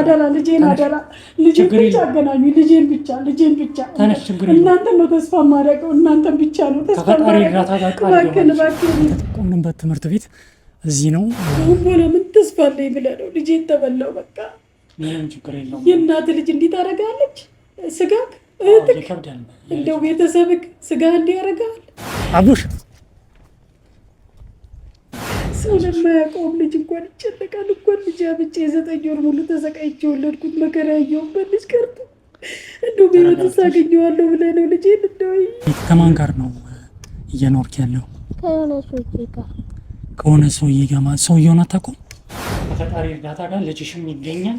አደራ ልጄን አደራ ልጄን ብቻ አገናኙ። ልጄን ብቻ ልጄን ብቻ እናንተን ነው ተስፋ የማደርገው። እናንተን ብቻ ነው ተስፋ ትምህርት ቤት እዚህ ነው። ምን ተስፋ አለኝ ብለህ ነው ልጄን ተበላው። በቃ የእናት ልጅ እንዲህ ታደርጋለች። ስጋክ እህትክ እንደው ቤተሰብክ ስጋ እንዲህ ያደርጋል አቡሽ ሰው ለማያውቀውም ልጅ እንኳን ይጨነቃል። እንኳን ልጅ አብጬ የዘጠኝ ወር ሙሉ ተሰቃይቼ የወለድኩት መከራ ያየሁበት ልጅ ቀርቶ እንደው በሕይወት ሳገኘዋለሁ ብለህ ነው ልጅ እንደወይ። ከማን ጋር ነው እየኖርክ ያለው? ከሆነ ሰውዬ ጋር ከሆነ ሰውዬ ጋር ሰውዬውን አታውቀውም? ከፈጣሪ እርዳታ ጋር ልጅሽም ይገኛል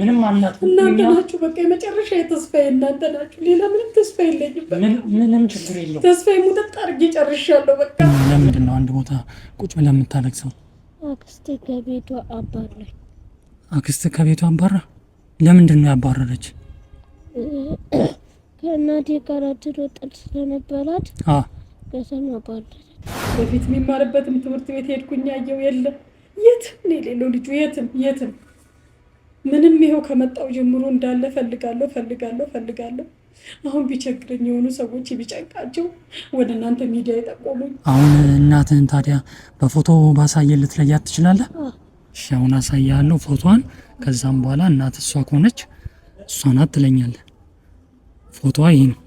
ምንም አናት እናንተ ናችሁ። በቃ የመጨረሻ የተስፋ እናንተ ናችሁ። ሌላ ምንም ተስፋ የለኝም። ምንም ችግር የለውም። ተስፋዬ ሙጠጥ አድርጌ ጨርሻለሁ። በቃ ለምንድን ነው አንድ ቦታ ቁጭ ብለህ የምታለቅሰው? አክስቴ ከቤቷ አባራኝ። አክስቴ ከቤቷ አባራ? ለምንድን ነው ያባረረች? ከእናቴ ጋር ድሮ ጥል ስለነበራት ከሰማ ባለች። በፊት የሚማርበትም ትምህርት ቤት ሄድኩኝ፣ አየሁ የለም የትም ነው የሌለው ልጁ የትም የትም ምንም ይኸው ከመጣው ጀምሮ እንዳለ ፈልጋለሁ ፈልጋለሁ ፈልጋለሁ። አሁን ቢቸግረኝ የሆኑ ሰዎች ቢጨንቃቸው ወደ እናንተ ሚዲያ የጠቆሙኝ። አሁን እናትህን ታዲያ በፎቶ ባሳየ ልትለያት ትችላለህ? እሺ አሁን አሳያለሁ ፎቶዋን። ከዛም በኋላ እናት እሷ ከሆነች እሷ ናት ትለኛለህ። ፎቶዋ ይሄ ነው።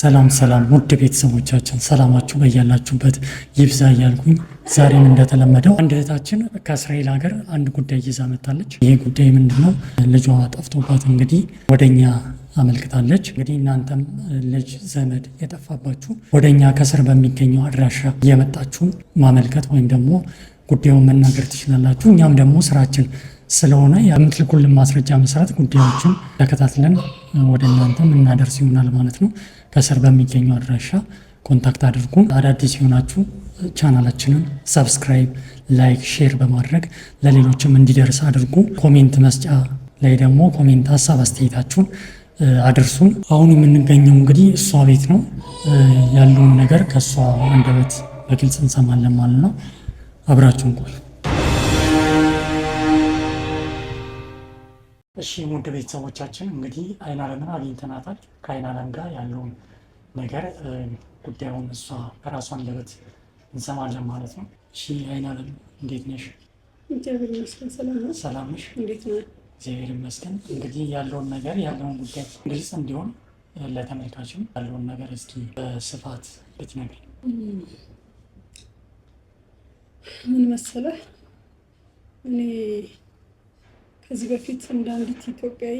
ሰላም ሰላም ውድ ቤተሰቦቻችን ሰላማችሁ በያላችሁበት ይብዛ እያልኩኝ ዛሬም እንደተለመደው አንድ እህታችን ከእስራኤል ሀገር አንድ ጉዳይ ይዛ መጣለች። ይህ ጉዳይ ምንድነው? ልጇ ጠፍቶባት እንግዲህ ወደኛ አመልክታለች። እንግዲህ እናንተም ልጅ ዘመድ የጠፋባችሁ ወደኛ ከስር በሚገኘው አድራሻ እየመጣችሁ ማመልከት ወይም ደግሞ ጉዳዩን መናገር ትችላላችሁ። እኛም ደግሞ ስራችን ስለሆነ የምትልኩልን ማስረጃ መሰረት ጉዳዮችን ተከታትለን ወደ እናንተ የምናደርስ ይሆናል ማለት ነው። ከስር በሚገኘው አድራሻ ኮንታክት አድርጉ። አዳዲስ የሆናችሁ ቻናላችንን ሰብስክራይብ፣ ላይክ፣ ሼር በማድረግ ለሌሎችም እንዲደርስ አድርጉ። ኮሜንት መስጫ ላይ ደግሞ ኮሜንት ሀሳብ አስተያየታችሁን አድርሱ። አሁን የምንገኘው እንግዲህ እሷ ቤት ነው። ያለውን ነገር ከእሷ አንደበት በግልጽ እንሰማለን ማለት ነው። አብራችሁን ቆይ እሺ ውድ ቤተሰቦቻችን እንግዲህ አይን አለምን አግኝተናታል። ከአይን አለም ጋር ያለውን ነገር ጉዳዩን እሷ ከራሷ አንደበት እንሰማለን ማለት ነው። እሺ አይን አለም እንዴት ነሽ? ሰላም ነሽ? እግዚአብሔር ይመስገን። እንግዲህ ያለውን ነገር ያለውን ጉዳይ ግልጽ እንዲሆን ለተመልካችም ያለውን ነገር እስኪ በስፋት ብትነግሪ። ምን መሰለህ እኔ ከዚህ በፊት እንደ አንዲት ኢትዮጵያዊ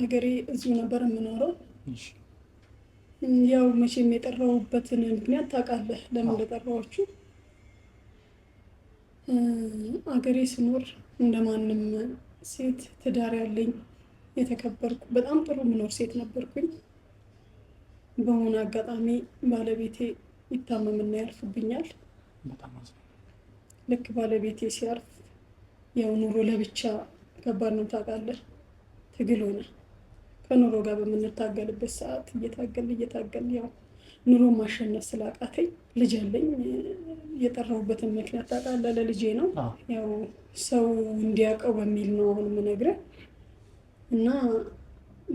ሀገሬ እዚሁ ነበር የምኖረው። ያው መቼም የጠራሁበትን ምክንያት ታውቃለህ፣ ለምን እንደጠራኋችሁ። አገሬ ስኖር እንደማንም ሴት ትዳር ያለኝ የተከበርኩ በጣም ጥሩ ምኖር ሴት ነበርኩኝ። በሆነ አጋጣሚ ባለቤቴ ይታመምና ያርፍብኛል። ልክ ባለቤቴ ሲያርፍ ያው ኑሮ ለብቻ ከባድ ነው ታውቃለህ። ትግል ሆነ ከኑሮ ጋር በምንታገልበት ሰዓት እየታገል እየታገል ያው ኑሮ ማሸነፍ ስላቃተኝ ልጅ አለኝ። የጠራሁበትን ምክንያት ታውቃለህ፣ ለልጄ ነው። ያው ሰው እንዲያውቀው በሚል ነው አሁን የምነግርህ እና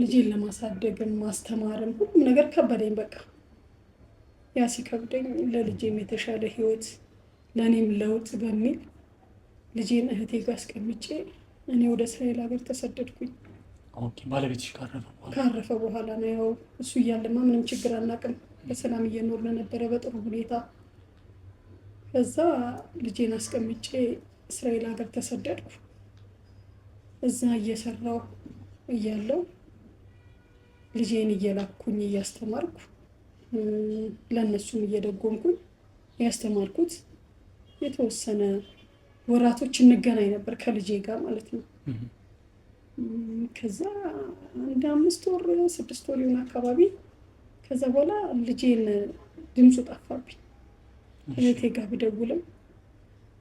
ልጄን ለማሳደግም ማስተማርም ሁሉም ነገር ከበደኝ። በቃ ያ ሲከብደኝ ለልጄም የተሻለ ህይወት ለእኔም ለውጥ በሚል ልጄን እህቴ ጋር አስቀምጬ እኔ ወደ እስራኤል ሀገር ተሰደድኩኝ። ባለቤትሽ ካረፈ ካረፈ በኋላ ነው። ያው እሱ እያለማ ምንም ችግር አናውቅም። በሰላም እየኖርን ነበረ በጥሩ ሁኔታ። ከዛ ልጄን አስቀምጬ እስራኤል ሀገር ተሰደድኩ። እዛ እየሰራው እያለው ልጄን እየላኩኝ እያስተማርኩ ለእነሱም እየደጎምኩኝ ያስተማርኩት የተወሰነ ወራቶች እንገናኝ ነበር ከልጄ ጋር ማለት ነው። ከዛ አንድ አምስት ወር ስድስት ወር የሆነ አካባቢ ከዛ በኋላ ልጄን ድምፁ ጠፋብኝ። እህቴ ጋር ብደውልም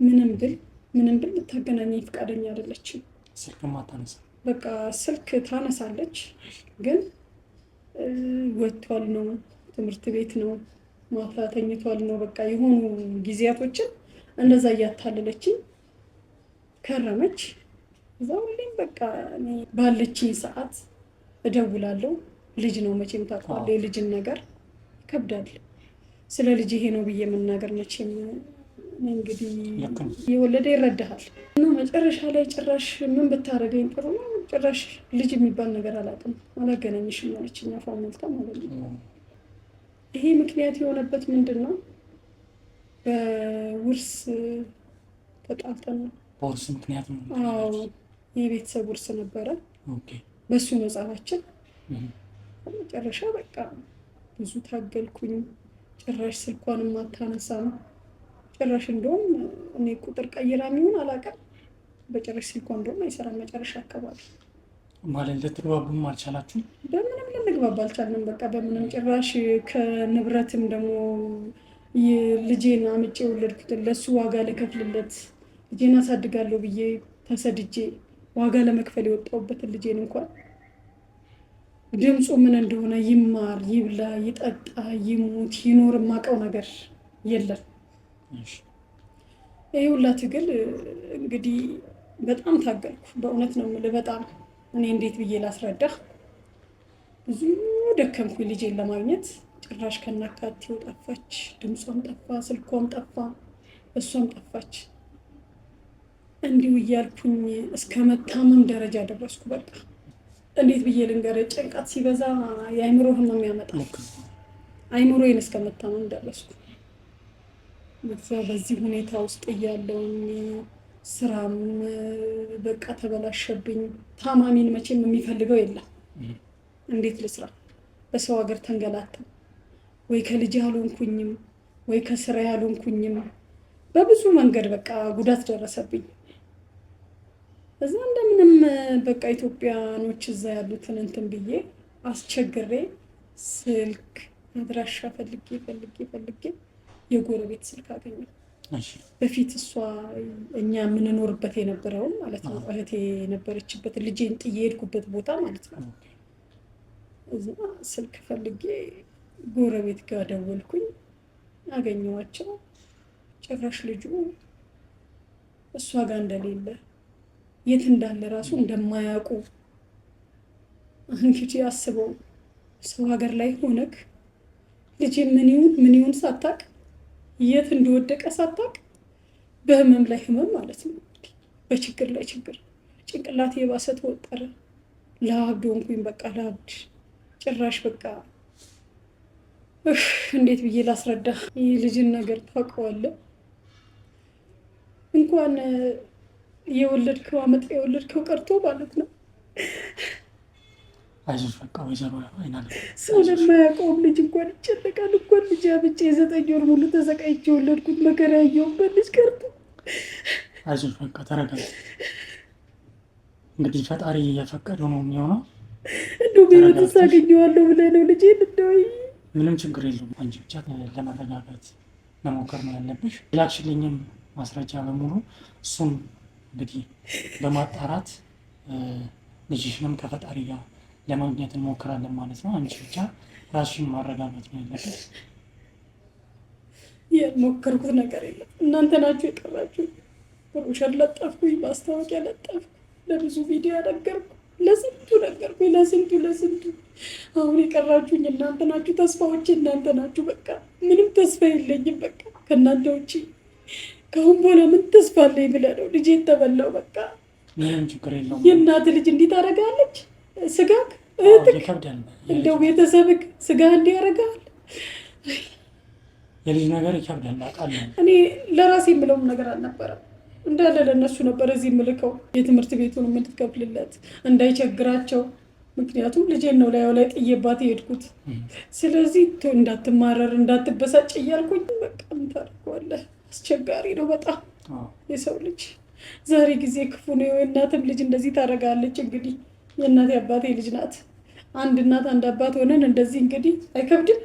ምንም ብል ምንም ብል ልታገናኘኝ ፈቃደኛ አይደለችም። ስልክም አታነሳ። በቃ ስልክ ታነሳለች ግን ወጥቷል ነው ትምህርት ቤት ነው ማታ ተኝቷል ነው በቃ የሆኑ ጊዜያቶችን እንደዛ እያታለለችኝ ከረመች። እዛ ሁሌም በቃ ባለችኝ ሰዓት እደውላለሁ። ልጅ ነው መቼም ታውቀዋለህ፣ የልጅን ነገር ይከብዳል። ስለ ልጅ ይሄ ነው ብዬ መናገር መቼም እንግዲህ የወለደ ይረዳሃል እና መጨረሻ ላይ ጭራሽ ምን ብታደርገኝ ጥሩ ነው፣ ጭራሽ ልጅ የሚባል ነገር አላውቅም አላገናኝሽም ማለችኝ። ፋመልታ ማለት ነው። ይሄ ምክንያት የሆነበት ምንድን ነው? በውርስ ተጣልተን ነው በውርስ ምክንያት ነው። የቤተሰብ ውርስ ነበረ። በእሱ ነው መጨረሻ በቃ ብዙ ታገልኩኝ። ጭራሽ ስልኳን ማታነሳ ጭራሽ እንደውም እኔ ቁጥር ቀይራ የሚሆን አላውቅም። በጭራሽ ስልኳ እንደውም አይሰራም። መጨረሻ አካባቢ ማለት ልትግባቡም አልቻላችሁም? በምንም ልንግባባ አልቻልንም። በቃ በምንም ጭራሽ ከንብረትም ደግሞ ልጄን አምጬ የወለድኩትን ለእሱ ዋጋ ልከፍልለት ልጄን አሳድጋለሁ ብዬ ተሰድጄ ዋጋ ለመክፈል የወጣሁበትን ልጄን እንኳን ድምፁ ምን እንደሆነ ይማር፣ ይብላ፣ ይጠጣ፣ ይሙት፣ ይኖር የማውቀው ነገር የለም። ይህ ሁላ ትግል እንግዲህ በጣም ታገልኩ። በእውነት ነው የምልህ። በጣም እኔ እንዴት ብዬ ላስረዳህ? ብዙ ደከምኩ ልጄን ለማግኘት። ጭራሽ ከናካቴው ጠፋች፣ ድምጿም ጠፋ፣ ስልኳም ጠፋ፣ እሷም ጠፋች። እንዲሁ እያልኩኝ እስከ መታመም ደረጃ ደረስኩ። በቃ እንዴት ብዬ ልንገረ ጭንቀት ሲበዛ የአይምሮ ህመም ያመጣል። አይምሮዬን እስከ መታመም ደረስኩ። በዚህ ሁኔታ ውስጥ እያለውኝ ስራም በቃ ተበላሸብኝ። ታማሚን መቼም የሚፈልገው የለም። እንዴት ልስራ? በሰው ሀገር ተንገላታ። ወይ ከልጅ አልሆንኩኝም፣ ወይ ከስራ አልሆንኩኝም። በብዙ መንገድ በቃ ጉዳት ደረሰብኝ። እዛ እንደምንም በቃ ኢትዮጵያኖች እዛ ያሉትን እንትን ብዬ አስቸግሬ ስልክ አድራሻ ፈልጌ ፈልጌ ፈልጌ የጎረቤት ስልክ አገኘ። በፊት እሷ እኛ የምንኖርበት የነበረውን ማለት ነው እህቴ የነበረችበት ልጄን ጥዬ የሄድኩበት ቦታ ማለት ነው። እዛ ስልክ ፈልጌ ጎረቤት ጋር ደወልኩኝ፣ አገኘዋቸው ጭራሽ ልጁ እሷ ጋር እንደሌለ የት እንዳለ ራሱ እንደማያውቁ እንግዲህ አስበው። ሰው ሀገር ላይ ሆነክ ልጅ ምን ይሁን ምን ይሁን ሳታቅ የት እንደወደቀ ሳታቅ በህመም ላይ ህመም ማለት ነው። በችግር ላይ ችግር፣ ጭንቅላት የባሰ ተወጠረ። ለአብድ ሆንኩኝ በቃ ለአብድ ጭራሽ በቃ እንዴት ብዬ ላስረዳ? ይህ ልጅን ነገር ታውቀዋለህ እንኳን የወለድከው አመጣ የወለድከው ቀርቶ ማለት ነው። አይዞሽ በቃ ወይዘሮ ሰው ለማያውቀውም ልጅ እንኳን ይጨነቃል። እንኳን ልጅ አብጬ የዘጠኝ ወር ሙሉ ተሰቃይቼ የወለድኩት መከራ ያየሁበት ልጅ ቀርቶ አይዞሽ በቃ ተረጋጋ። እንግዲህ ፈጣሪ እየፈቀደው ነው የሚሆነው። እንደው ቢመት ሳገኘዋለሁ ብለህ ነው ልጅ ልዳይ ምንም ችግር የለም። አንቺ ብቻ ለመረጋጋት መሞከር ነው ያለብሽ። ላክሽልኝም ማስረጃ በሙሉ እሱም እንግዲህ በማጣራት ልጅሽንም ከፈጣሪ ጋር ለማግኘት እንሞክራለን ማለት ነው። አንቺ ብቻ ራስሽን ማረጋጋት ነው ያለበት። የሞከርኩት ነገር የለም። እናንተ ናችሁ የቀራችሁ። ብሮሸር ለጠፍኩኝ፣ ማስታወቂያ ለጠፍኩ፣ ለብዙ ቪዲዮ ነገርኩ፣ ለስንቱ ነገርኩኝ ለስንቱ ለስንቱ። አሁን የቀራችሁኝ እናንተ ናችሁ። ተስፋዎች እናንተ ናችሁ። በቃ ምንም ተስፋ የለኝም። በቃ ከእናንተ ውጭ ከአሁን በኋላ ምን ተስፋ አለኝ ብለህ ነው ተበላው። በቃ ምንም ችግር የለውም። የእናት ልጅ እንዴት ታደርጋለች። ስጋ እህትክ፣ እንደው ቤተሰብክ ስጋህ እንዲህ ያደርጋል። የልጅ ነገር ይከብዳል አውቃለሁ። እኔ ለራሴ የምለውም ነገር አልነበረም እንዳለ ለእነሱ ነበር እዚህ የምልከው የትምህርት ቤቱን የምትከፍልለት እንዳይቸግራቸው። ምክንያቱም ልጄን ነው ላዩ ላይ ጥዬባት የሄድኩት። ስለዚህ እንዳትማረር እንዳትበሳጭ እያልኩኝ በቃ ታደርገዋለህ አስቸጋሪ ነው በጣም የሰው ልጅ ዛሬ ጊዜ ክፉ ነው። የእናትም ልጅ እንደዚህ ታደርጋለች። እንግዲህ የእናት አባቴ ልጅ ናት። አንድ እናት አንድ አባት ሆነን እንደዚህ እንግዲህ አይከብድም?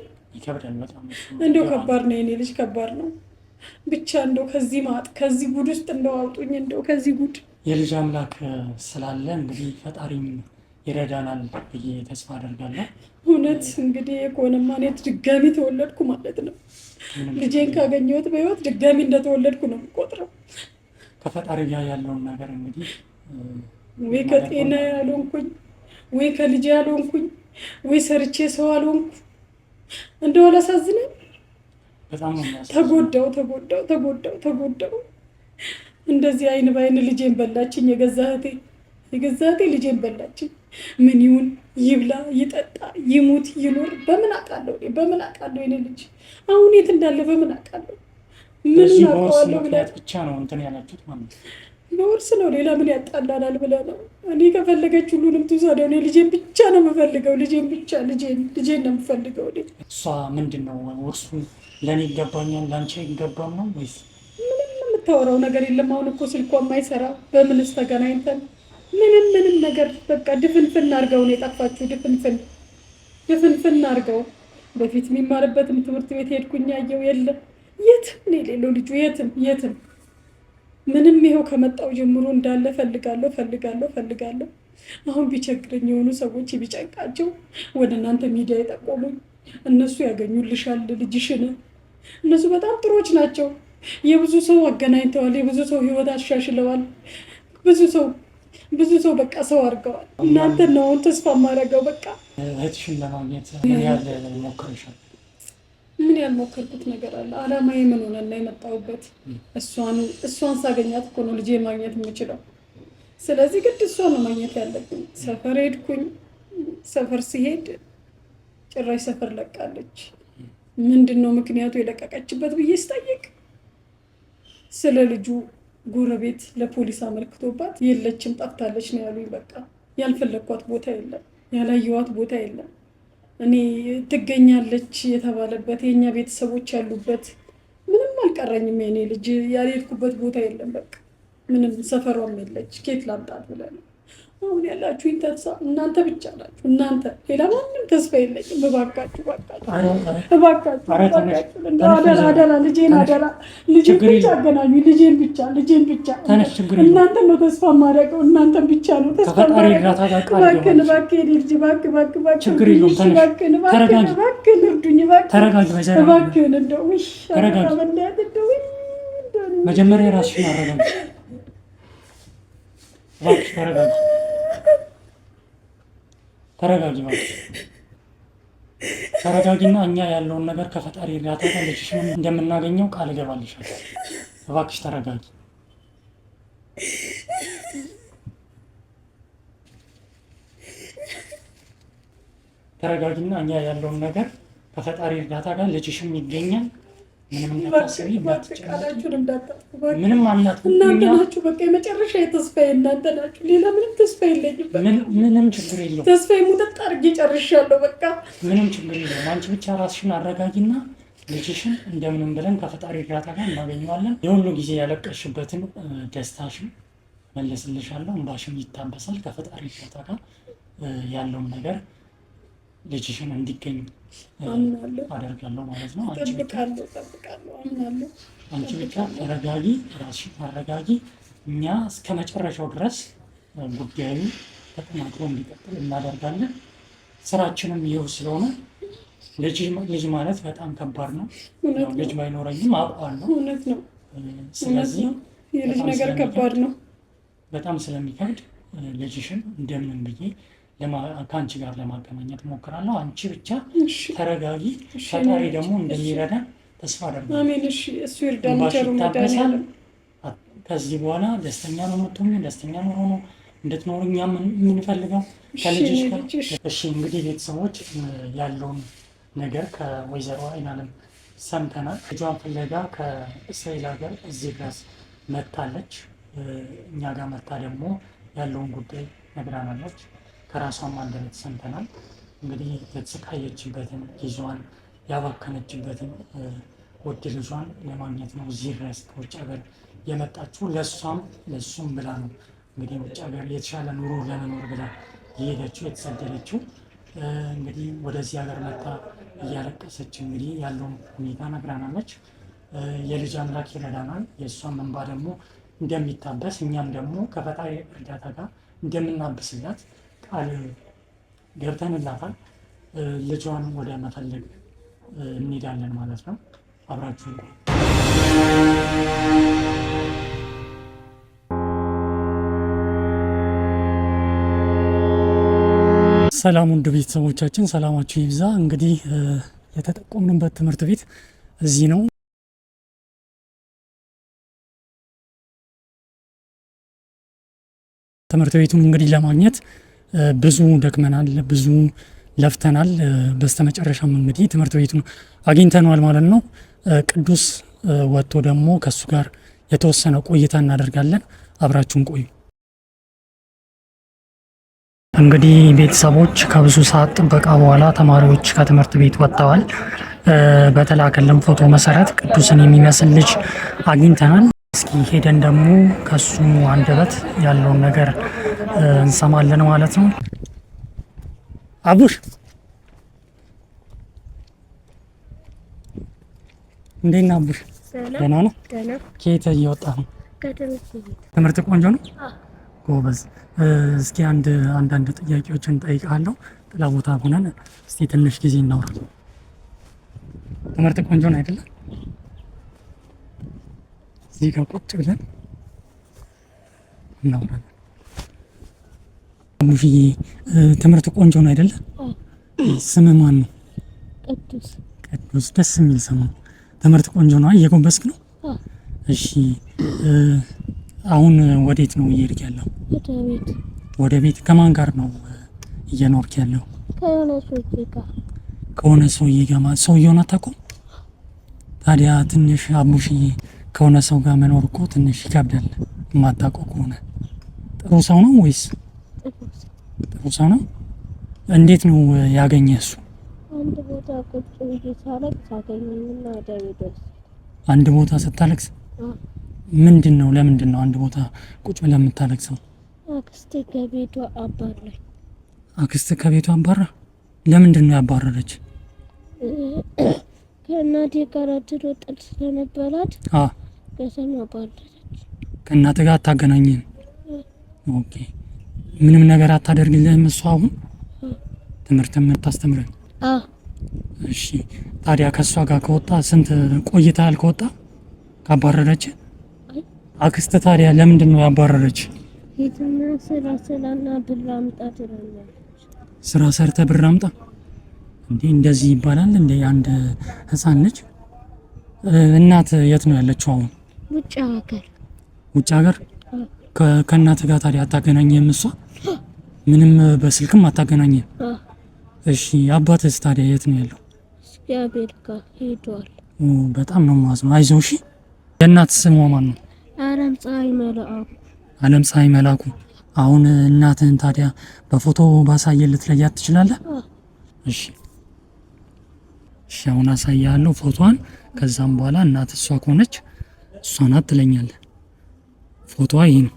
እንደው ከባድ ነው የኔ ልጅ ከባድ ነው። ብቻ እንደው ከዚህ ማጥ ከዚህ ጉድ ውስጥ እንደው አውጡኝ እንደው ከዚህ ጉድ የልጅ አምላክ ስላለ እንግዲህ ፈጣሪም ይረዳናል ብዬ ተስፋ አደርጋለሁ። እውነት እንግዲህ ከሆነማ እኔ ድጋሚ ተወለድኩ ማለት ነው። ልጄን ካገኘሁት በህይወት ድጋሚ እንደተወለድኩ ነው የምቆጥረው። ከፈጣሪ ጋር ያለውን ነገር እንግዲህ ወይ ከጤና ያልሆንኩኝ ወይ ከልጅ ያልሆንኩኝ ወይ ሰርቼ ሰው አልሆንኩ እንደው አላሳዝነኝ። ተጎዳው ተጎዳው ተጎዳው ተጎዳው። እንደዚህ አይን በአይን ልጄን በላችኝ። የገዛቴ የገዛቴ ልጄን በላችኝ። ምን ይሁን ይብላ፣ ይጠጣ፣ ይሙት፣ ይኖር በምን አውቃለሁ? በምን አውቃለሁ? የኔ ልጅ አሁን የት እንዳለ በምን አውቃለሁ? ምን ብቻ ነው እንትን ያላችሁት በውርስ ነው ሌላ ምን ያጣላላል ብለህ ነው። እኔ ከፈለገች ሁሉንም ትውሰደው። እኔ ልጄን ብቻ ነው የምፈልገው። ልጄን ብቻ ልጄን ልጄን ነው የምፈልገው። እሷ ምንድን ነው ውርሱ ለእኔ ይገባኛል ለአንቺ ይገባም ነው ወይስ? ምንም የምታወራው ነገር የለም። አሁን እኮ ስልኳ የማይሰራ በምንስ ተገናኝተን ምንም ምንም ነገር በቃ ድፍንፍን አድርገው ነው የጠፋችሁ። ድፍንፍን ድፍንፍን አድርገው በፊት የሚማርበትም ትምህርት ቤት ሄድኩኝ ያየው የለም የትም ነው የሌለው ልጁ የትም የትም ምንም ይኸው ከመጣው ጀምሮ እንዳለ ፈልጋለሁ ፈልጋለሁ ፈልጋለሁ። አሁን ቢቸግረኝ የሆኑ ሰዎች ቢጨንቃቸው ወደ እናንተ ሚዲያ የጠቆሙኝ እነሱ ያገኙልሻል ልጅሽን። እነሱ በጣም ጥሮች ናቸው። የብዙ ሰው አገናኝተዋል። የብዙ ሰው ህይወት አሻሽለዋል። ብዙ ሰው ብዙ ሰው በቃ ሰው አድርገዋል። እናንተ ነው አሁን ተስፋ የማደርገው። በቃ እህትሽን ለማግኘት ምን ያህል ሞክረሻል? ምን ያልሞከርኩት ነገር አለ? አላማዬ ምን የመጣውበት የመጣሁበት እሷን ሳገኛት እኮ ነው ልጄ ማግኘት የምችለው። ስለዚህ ግድ እሷን ነው ማግኘት ያለብኝ። ሰፈር ሄድኩኝ። ሰፈር ሲሄድ ጭራሽ ሰፈር ለቃለች። ምንድን ነው ምክንያቱ የለቀቀችበት ብዬ ስጠይቅ ስለ ልጁ ጎረቤት ለፖሊስ አመልክቶባት የለችም ጠፍታለች ነው ያሉኝ። በቃ ያልፈለግኳት ቦታ የለም፣ ያላየዋት ቦታ የለም። እኔ ትገኛለች የተባለበት የእኛ ቤተሰቦች ያሉበት ምንም አልቀረኝም። የኔ ልጅ ያልሄድኩበት ቦታ የለም። በቃ ምንም ሰፈሯም የለች። ኬት ላምጣት ብለን አሁን ያላችሁ እናንተ ብቻ ናችሁ። እናንተ ሌላ ማንም ተስፋ የለኝም። እባካችሁ እባካችሁ አደራ ልጄን አደራ፣ ልጄን ብቻ አገናኙ፣ ልጄን ብቻ ልጄን ብቻ። እናንተ ነው ተስፋ የማደርገው፣ እናንተ ብቻ ነው ተስፋ የማደርገው። እባክህን እባክህን ልጅ እባክህ እባክህ እባክህን እርዱኝ፣ እባክህን እንደው መለያት እንደው መጀመሪያ ራስሽን አረጋግጥ። ተረጋጊ ተረጋጊና እኛ ያለውን ነገር ከፈጣሪ እርዳታ ልጅሽን እንደምናገኘው ቃል እገባልሻል። እባክሽ ተረጋጊ። ተረጋጊና እኛ ያለውን ነገር ከፈጣሪ እርዳታ ጋር ልጅሽም ይገኛል። ምንም አናትኩም። እናንተ በቃ የመጨረሻ የተስፋዬ እናንተ ናችሁ። ሌላ ምንም ተስፋ የለኝም። ምንም ችግር የለው ተስፋዬ ሙጠጥ አድርጌ ጨርሻለሁ። በቃ ምንም ችግር የለውም። አንቺ ብቻ ራስሽን አረጋጊና ልጅሽን እንደምንም ብለን ከፈጣሪ እርዳታ ጋር እናገኘዋለን። የሁሉ ጊዜ ያለቀሽበትን ደስታሽን መለስልሻለሁ። እንባሽን ይታበሳል። ከፈጣሪ እርዳታ ጋር ያለውን ነገር ልጅሽን እንዲገኝ አደርጋለሁ ማለት ነው። አንቺ ብቻ ተረጋጊ፣ ራስሽን አረጋጊ። እኛ እስከ መጨረሻው ድረስ ጉዳዩ ተጠናክሮ እንዲቀጥል እናደርጋለን። ስራችንም ይኸው ስለሆነ ልጅ ማለት በጣም ከባድ ነው። ልጅ ባይኖረኝም አውቃለሁ። ስለዚህ የልጅ ነገር ከባድ ነው። በጣም ስለሚከብድ ልጅሽን እንደምን ብዬ ከአንቺ ጋር ለማገናኘት እሞክራለሁ። አንቺ ብቻ ተረጋጊ። ፈጣሪ ደግሞ እንደሚረዳን ተስፋ አደርጋለሁ። ከዚህ በኋላ ደስተኛ ነው የምትሆኝ፣ ደስተኛ ነው ሆኖ እኛ የምንፈልገው ከልጅሽ ጋር። እሺ እንግዲህ ቤተሰቦች ያለውን ነገር ከወይዘሮ አይናለም ሰምተናል። ልጇን ፍለጋ ከእስራኤል ሀገር እዚህ ድረስ መታለች። እኛ ጋር መታ ደግሞ ያለውን ጉዳይ ነግራናለች። ከራሷም አንደበት ሰምተናል። እንግዲህ የተሰቃየችበትን ጊዜዋን ያባከነችበትን ውድ ልጇን ለማግኘት ነው እዚህ ድረስ ከውጭ ሀገር የመጣችው። ለእሷም ለእሱም ብላ ነው እንግዲህ ውጭ ሀገር የተሻለ ኑሮ ለመኖር ብላ የሄደችው የተሰደደችው። እንግዲህ ወደዚህ ሀገር መታ እያለቀሰች እንግዲህ ያለውን ሁኔታ ነግራናለች። የልጅ አምላክ ይረዳናል። የእሷም እንባ ደግሞ እንደሚታበስ እኛም ደግሞ ከፈጣሪ እርዳታ ጋር እንደምናብስላት ቃል ገብተንላታል። ልጇን ወደ መፈለግ እንሄዳለን ማለት ነው። አብራችሁ ሰላም ውድ ቤተሰቦቻችን ሰላማችሁ ይብዛ። እንግዲህ የተጠቆምንበት ትምህርት ቤት እዚህ ነው። ትምህርት ቤቱን እንግዲህ ለማግኘት ብዙ ደክመናል፣ ብዙ ለፍተናል። በስተመጨረሻም እንግዲህ ትምህርት ቤቱን አግኝተነዋል ማለት ነው። ቅዱስ ወጥቶ ደግሞ ከእሱ ጋር የተወሰነ ቆይታ እናደርጋለን። አብራችሁን ቆዩ። እንግዲህ ቤተሰቦች ከብዙ ሰዓት ጥበቃ በኋላ ተማሪዎች ከትምህርት ቤት ወጥተዋል። በተላከልን ፎቶ መሰረት ቅዱስን የሚመስል ልጅ አግኝተናል። እስኪ ሄደን ደግሞ ከሱ አንደበት ያለውን ነገር እንሰማለን ማለት ነው። አቡሽ እንዴት ነህ? አቡሽ ደህና ነው? ከየት እየወጣ ነው? ትምህርት ቆንጆ ነው። ጎበዝ። እስኪ አንድ አንዳንድ ጥያቄዎችን እንጠይቃለሁ። ጥላ ቦታ ሆነን እስቲ ትንሽ ጊዜ እናውራ። ትምህርት ቆንጆ ነው አይደለም? እዚህ ጋር ቁጭ ብለን እናወራለን። ሙሽዬ ትምህርት ቆንጆ ነው አይደለ? ስም ማን ነው? ቅዱስ። ደስ የሚል ስም ነው። ትምህርት ቆንጆ ነው። እየጎንበስክ ነው። እሺ አሁን ወዴት ነው እየሄድክ ያለው? ወደ ቤት። ከማን ጋር ነው እየኖርክ ያለው? ከሆነ ሰውዬ ጋር። ሰውዬውን አታውቀውም? ታዲያ ትንሽ አቡሽዬ ከሆነ ሰው ጋር መኖር እኮ ትንሽ ይከብዳል። የማታውቀው ከሆነ ጥሩ ሰው ነው ወይስ ጥሩ ሰው ነው? እንዴት ነው ያገኘ? እሱ አንድ ቦታ ቁጭ ብዬ ሳለቅስ አገኘኝና ወደ ቤት አንድ ቦታ ስታለቅስ ምንድን ነው ለምንድን ነው አንድ ቦታ ቁጭ ብለህ የምታለቅሰው? አክስቴ ከቤቷ አክስቴ አባራ? ለምንድን ነው ያባረረች? ከእናቴ ጋር ድሮ ጥል ስለነበራት ከእናት ጋር አታገናኝም? ኦኬ። ምንም ነገር አታደርግልህም? እሷ አሁን ትምህርት የምታስተምረን? እሺ። ታዲያ ከእሷ ጋር ከወጣ ስንት ያል ከወጣ ካባረረች አክስት ታዲያ ለምንድን ነው ያባረረች? ስራ ሰርተ ብር አምጣ እንዴ! እንደዚህ ይባላል እንደ አንድ ህፃን ልጅ። እናት የት ነው ያለችው አሁን? ውጭ ሀገር ውጭ ሀገር ከእናት ጋር ታዲያ አታገናኘም? እሷ ምንም በስልክም አታገናኘም? እሺ አባትስ ታዲያ የት ነው ያለው? አሜሪካ ሄዷል። በጣም ነው ማዝነው። አይዞህ እሺ። የእናት ስሟ ማን ነው? አለም ፀሐይ መላኩ። አለም ፀሐይ መላኩ። አሁን እናትን ታዲያ በፎቶ ባሳየ ልትለያት ትችላለህ? እሺ እሺ። አሁን አሳያለሁ ፎቶዋን። ከዛም በኋላ እናት እሷ ከሆነች እሷ ናት ትለኛለህ። ፎቶዋ ይሄ ነው።